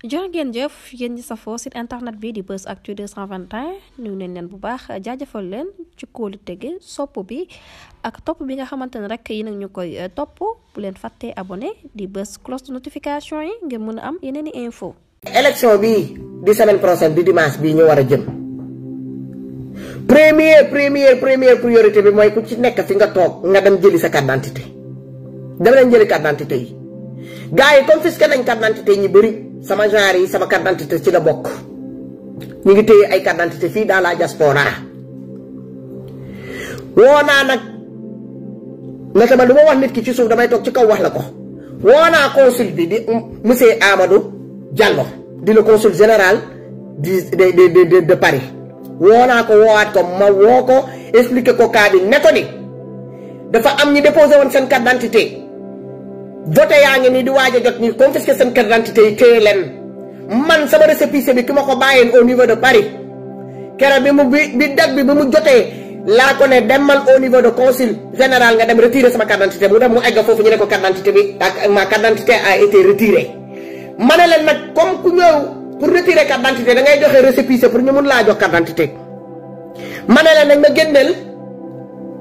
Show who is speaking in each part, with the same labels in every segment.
Speaker 1: jërë ngeen jëf yéen ñi safoo site internet bi di Buzz Actu 221 nuyu nañ leen bu baax jaajëfal leen ci kóolu tege sopp bi ak topp bi nga xamante ne rek yi nag ñu koy euh, topp bu leen fàttee abonné di bës cloche de notification yi ngir mën a am yeneen i info élection bii di semaine prochaine di dimanche bii ñu war a jëm première première première priorité bi mooy ku ci nekk fi nga toog nga dem jëli sa carte d'identité dem leen jëli carte d'identité yi gars yi confisqué nañ carte d'identité yi ñu bëri sama genre yi sama carte d'identité ci la bokk ñu ngi téye ay carte d'identité fii dans la diaspora woo naa nag naka ma du ma wax nit ki ci suuf damay toog ci kaw wax la ko woo naa consul bi di monsieur Amadou Diallo di le consul général du de de woo naa ko woowaat ko ma woo ko expliqué ko cas bi ne ko ni dafa am ñi déposé woon seen carte d'identité voté yaa ngi nii di waaj a jot ñu confisqué seen carte yi téye leen man sama récépissé bi ki ma ko bàyyeen au niveau de Paris kere bi mu bi bi bi ba mu jotee laa ko ne demal au niveau de consul général nga dem retiré sama carte d'identité mu dem mu egg foofu ñu ne ko carte d'identité a leen nag comme ku ñëw pour retirer carte da ngay joxe récépissé pour ñu mun laa jox carte d'identité ma ne leen nag ma génneel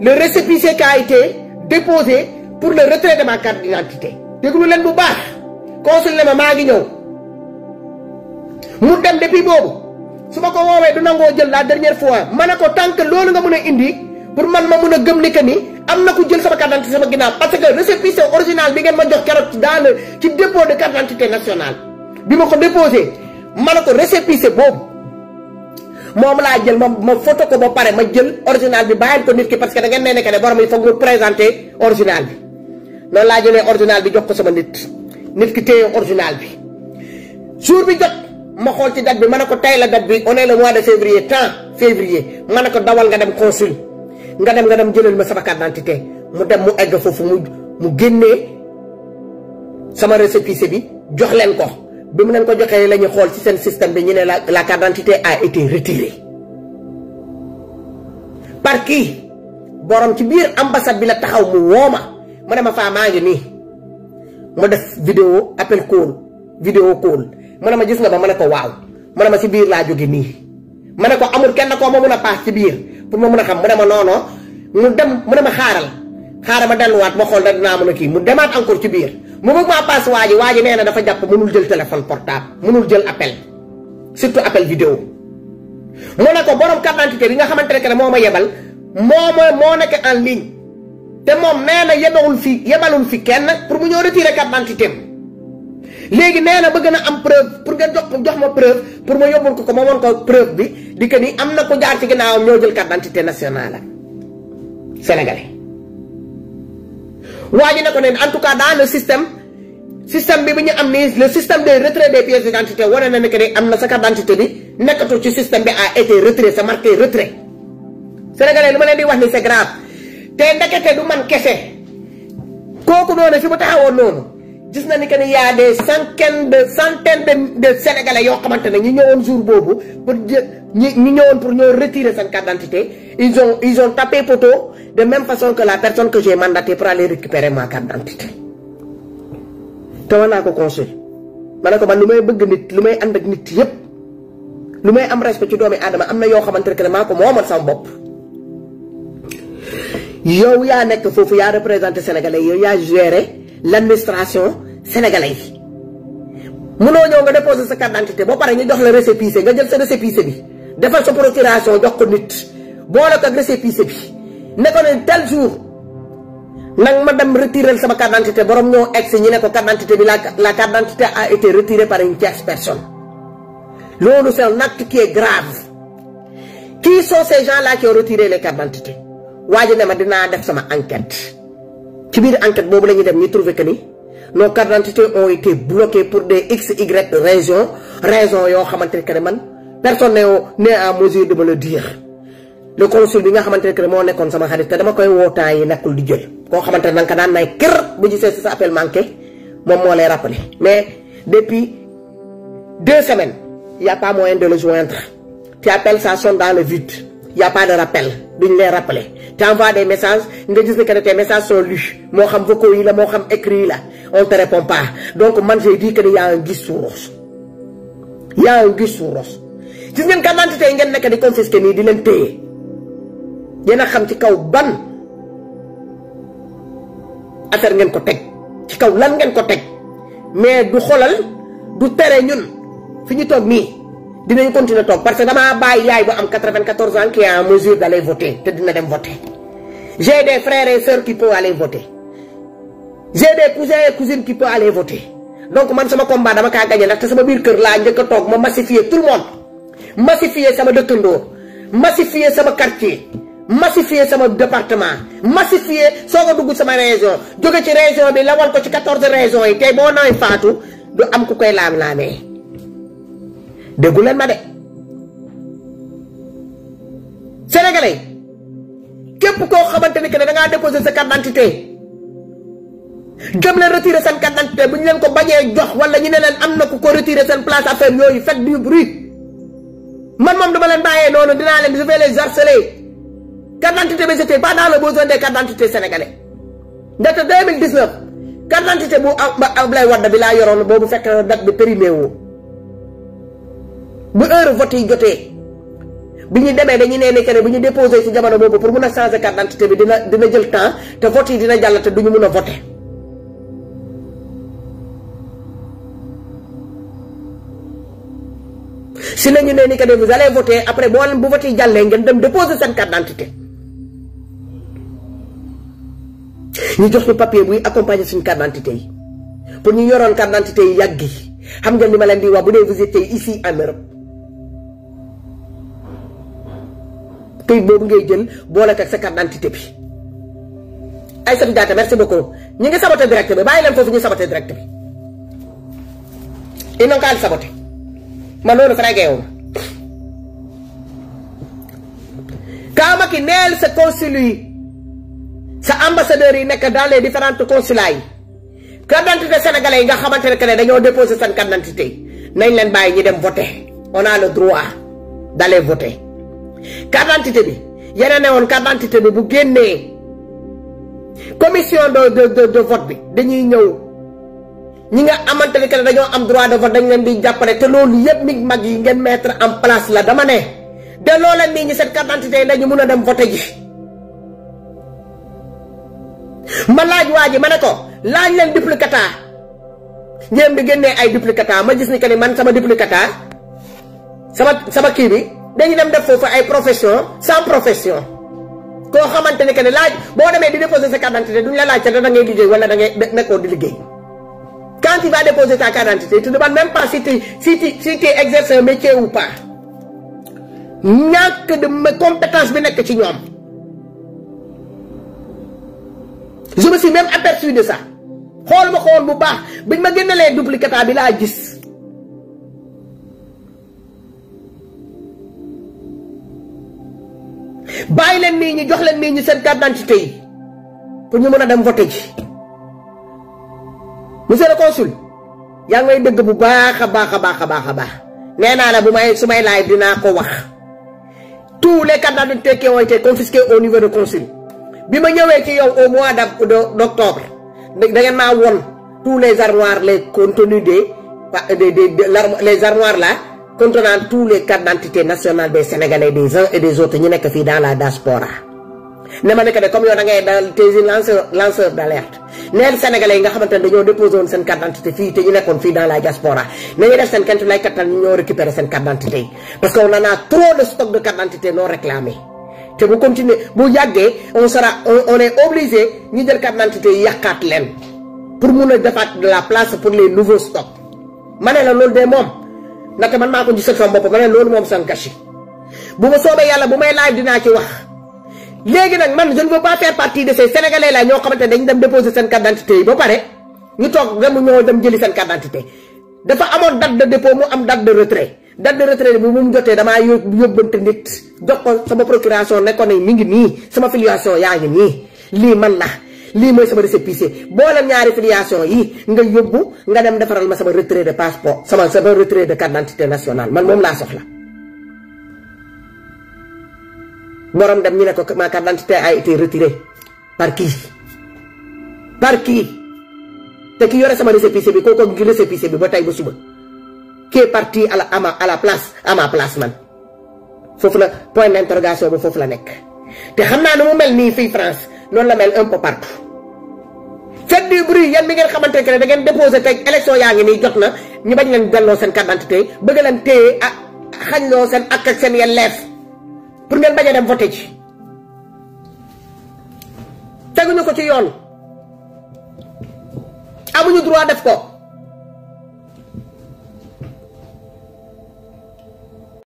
Speaker 1: le déposé pour le retrait de ma carte d'identité leen bu baax consul ne ma maa ngi ñëw mu dem depuis boobu su ma ko woowee du nangoo jël la dernière fois ma ne ko tant que loolu nga mën a indi pour man ma mën a gëm ni que ni am na ku jël sama carte d'identité sama ginnaaw parce que récépissé original bi ngeen ma jox keroog dans le ci dépôt de carte d'identité bi ma ko déposé ma a ko récépissé boobu moom laa jël ma ma photo ko ba pare ma jël original bi bàyyil ko nit ki parce que da ngeen ne ne que noonu laa jëlee original bi jox ko sama nit nit ki téye original bi suur bi jot ma xool ci date bi ma ne ko tey la date bi on la le mois de février temps février ma ne ko dawal nga dem consul nga dem nga dem jëlal ma sama carte d'identité mu dem mu egg foofu mu mu génnee sama récépissé bi jox leen ko bi mu leen ko joxee la ñu xool ci seen système bi ñu ne la la carte d'identité a été retirée par kii borom ci biir ambassade bi la taxaw mu wooma mu ne ma faa maa ngi nii mu def vidéo appel call vidéo call mu ne ma gis nga ba ma ne ko waaw mu a ma si biir laa jóge nii ma ne ko amul kenn koo ma mun a paas ci biir pour ma mun a xam mu ne ma noonoo mu dem mu ne ma xaaral xaaral ma delluwaat ma xool da dinaa mën a kii mu demaat encore ci biir mu bëgg maa paas waa ji waa ji nee na dafa jàpp mënul jël téléphone portable mënul jël appel surtout appel vidéo mu ne ko borom carte d'identité bi nga xamante ne moo ma yebal moo moo nekk en te moom nee na yebewul fi yebalul fi kenn pour mu ñëw retirer carte d'identité léegi nee na bëgg na am preuve pour nga jox jox ma preuve pour ma yóbbul ko ko ma woon ko preuve bi di que ni am na ko jaar ci ginnaawam ñoo jël carte d'identité nationale am sénégalais. waa ji ne ko neen en tout cas dans système système bi bu ñu am nii le système de retrait des pièces d'identité wane na ne que ni am na sa carte d'identité bi nekkatu ci système bi a été retrait c'est marqué retrait sénégalais ma leen di wax ni c'est te ndekete du man kese kooku noonu fi mu taxawoon noonu gis na ni que ni y a des centaines de centaines de de sénégalais yoo xamante ne ñu ñëwoon jour boobu pour ñi ñu ñëwoon pour ñoo retirer seen carte d'identité ils ont ils ont tapé de même façon que la personne que j'ai mandatée pour aller récupérer ma carte d'identité te naa ko consul ma ne ko man lu may bëgg nit lu may ànd ak nit yëpp lu may am respect ci doomi aadama am na yoo xamante ne maa ko moomal sama bopp. yow yaa nekk foofu yaa représenté sénégalais yow yaa géré l' administration sénégalaise yi munoo ñëw nga déposé sa carte boo identité pare ñu jox la récépissé nga jël sa récépissé bi defal sa procuration jox ko nit boole ko ak récépissé bi ne ko ne tel jour nag ma dem retirer sama carte d' borom ñoo egg si ñu ne ko carte bi la la carte d' identité a été retirée par une tierce personne loolu c' est un acte qui est grave qui sont ces gens là qui ont retiré waaji ne ma dinaa def sama enquête ci biir enquête boobu la ñuy dem ñu trouvé que ni nos cartes d'identité ont été bloquées pour des x y raison raison yoo xamante ne que ne man personne n'est en mesure de me le dire le consul bi nga xamante ne que moo nekkoon sama xarit te dama koy wootaa yi nekkul di jël koo xamante ne danga ko daan nay kër bu gisee si sa appel manqué moom moo lay rappelé mais depuis deux semaines y a pas de le joindre tu appelles ça sonne dans le vide y a pas duñ lay rappeler te envoie des message nga gis ne que ne tes messages moo xam vocaux yi la moo xam écrit yi la on te répond pas donc man j'ai dit que ne y a un Guy Sourros y a un gis ngeen carte d'identité yi ngeen nekk di confisquer nii di leen téye yéen a xam ci kaw ban affaire ngeen ko teg ci kaw lan ngeen ko teg mais du xolal du tere ñun fi ñu toog nii dinañ continuer toog parce que damaa bàyyi yaay bu am 94 ans qui est en mesure d' aller voter te dina dem voter j'ai des frères et sœurs qui peuvent aller voter j'ai des cousins et cousines qui donc man sama combat dama kaa gagné ndax te sama biir kër laa njëkk a toog ma massifier tout le monde massifier sama dëkkandoo massifier sama quartier massifier sama département massifier soo ko dugg sama région jóge ci région bi lawal ko ci 14 régions yi tey boo am ku koy laam-laamee. déggu leen ma de sénégalais képp koo xamante ni que ne da ngaa déposé sa carte d'identité dem leen retiré seen carte bu ñu leen ko bañee jox wala ñu ne leen am na ku ko retiré seen place affaire yooyu faites du bruit man moom dama leen bàyyee noonu dinaa leen je vais les harceler carte d'identité bi c'était pas dans le besoin des cartes d'identité sénégalais ndaxte 2019 carte d'identité bu Abdoulaye Wade bi laa yoroon boobu fekk date bi périmé woo bu heure vote yi jotee bu ñu demee dañu nee ne que bu ñu déposé ci jamono boobu pour mun a changer carte d'identité bi dina dina jël temps te vote yi dina jàll te du ñu mun a voter si la ñu nee ni que ne vous allez après boo bu vote yi jàllee ngeen dem déposer seen carte d'identité ñu jox ñu papier buy accompagner suñu carte yi pour ñu yoroon carte d'identité yi yàgg yi xam ngeen ni ma leen di wax bu dee vous étiez ici en Europe këyit boobu ngay jël boole ak sa carte d'identité bi. Aïssatou Diatta merci beaucoup ñi ngi saboté direct bi bàyyi leen foofu ñu saboté direct bi. ils n'ont qu'à loolu fragué ma. Kaama neel sa consul yi sa ambassadeurs yi nekk dans les différentes consulats yi carte d'identité yi nga xamante ne que dañoo déposé seen carte d'identité nañ leen bàyyi ñu dem voter on le droit d'aller voter. carte d'identité bi yeneen ne woon carte d'identité bi bu génnee commission de de de vote bi dañuy ñëw ñi nga amante ni que dañoo am droit de vote dañ leen di jàppale te loolu yëpp mi mag yi ngeen mettre am place la dama ne de loola nit ñi seen carte d'identité yi dañu mun a dem vote ji ma laaj waa ji ma ne ko laaj leen duplicata ñoom di génnee ay duplicata ma gis ni que man sama duplicata sama sama kii bi dañu dem def foofu ay profession sans profession koo xamante ne que ne laaj boo demee di déposer sa carte duñu la laaj te da ngay liggéey wala da ngay nekkoon di liggéey quand tu vas déposer ta carte d'identité tu ne demandes même pas si tu si tu si tu exerces un métier ou pas ñàkk de compétence bi nekk ci ñoom je me suis de ça xool ma xool bu baax biñ ma génnalee duplicata bi laa gis bàyyi leen nii ñi jox leen nii ñi seen carte d'identité yi pour ñu mën a dem voté ji monsieur le consul yaa ngay dëgg bu baax a baax a baax a baax a baax nee naa la bu may su may laay dinaa ko wax tous les cartes d'identité qui ont été confisquées au niveau de consul bi ma ñëwee ci yow au mois d'octobre da ngeen maa won tous les armoires les contenus des des des les armoires là contenant tous les cartes d'identité nationale des sénégalais des uns et des autres ñi nekk fii dans la diaspora ne ma nekk de comme yow da ngay daal te lanceur lanceur d' alerte neen yi nga xamante dañoo déposé woon seen carte d' fii te ñu nekkoon fii dans la diaspora nañuy def seen kent lay kattan ñoo récupérer seen carte d' yi parce que on en a trop de stock de carte d' identité non réclamé te bu continuer bu yàggee on sera on est d' identité la pour les nouveaux naka man maa ko gisal sama bopp ma ne loolu moom san gâchis bu ma soobee yàlla bu may laaj dinaa ci wax léegi nag man je ne veux pas faire partie de ces sénégalais là ñoo xamante ne dañ dem déposer seen carte d'identité yi ba pare ñu toog dem ñoo dem jëli seen carte dafa amoon date de dépôt mu am date de retrait date de retrait bi mu jotee damaa yóbbante nit jox ko sama procuration nekkoon yi mi ngi nii sama filiation yaa ngi nii lii man la lii mooy sama récépissé boolem ñaari filiation yi nga yóbbu nga dem defaral ma sama retrait de passeport sama sama retrait de carte d'identité nationale man moom laa soxla borom dem ñu ne ko ma carte d'identité a été retirée par qui par qui te ki yore sama récépissé bi kooku ngi récépissé bi ba tey ba suba qui parti à ama à la man foofu la point d'interrogation bi foofu la nekk te xam naa ne mu mel nii fii France noonu la mel un peu partout faites du bruit yan mi ngeen xamante ne da ngeen déposé tey élection yaa ngi nii jot na ñu bañ leen loo seen carte bëgg leen téye ak xañloo seen ak ak seen yelleef pour ngeen bañ a dem voté ji teguñu ko ci yoon amuñu droit def ko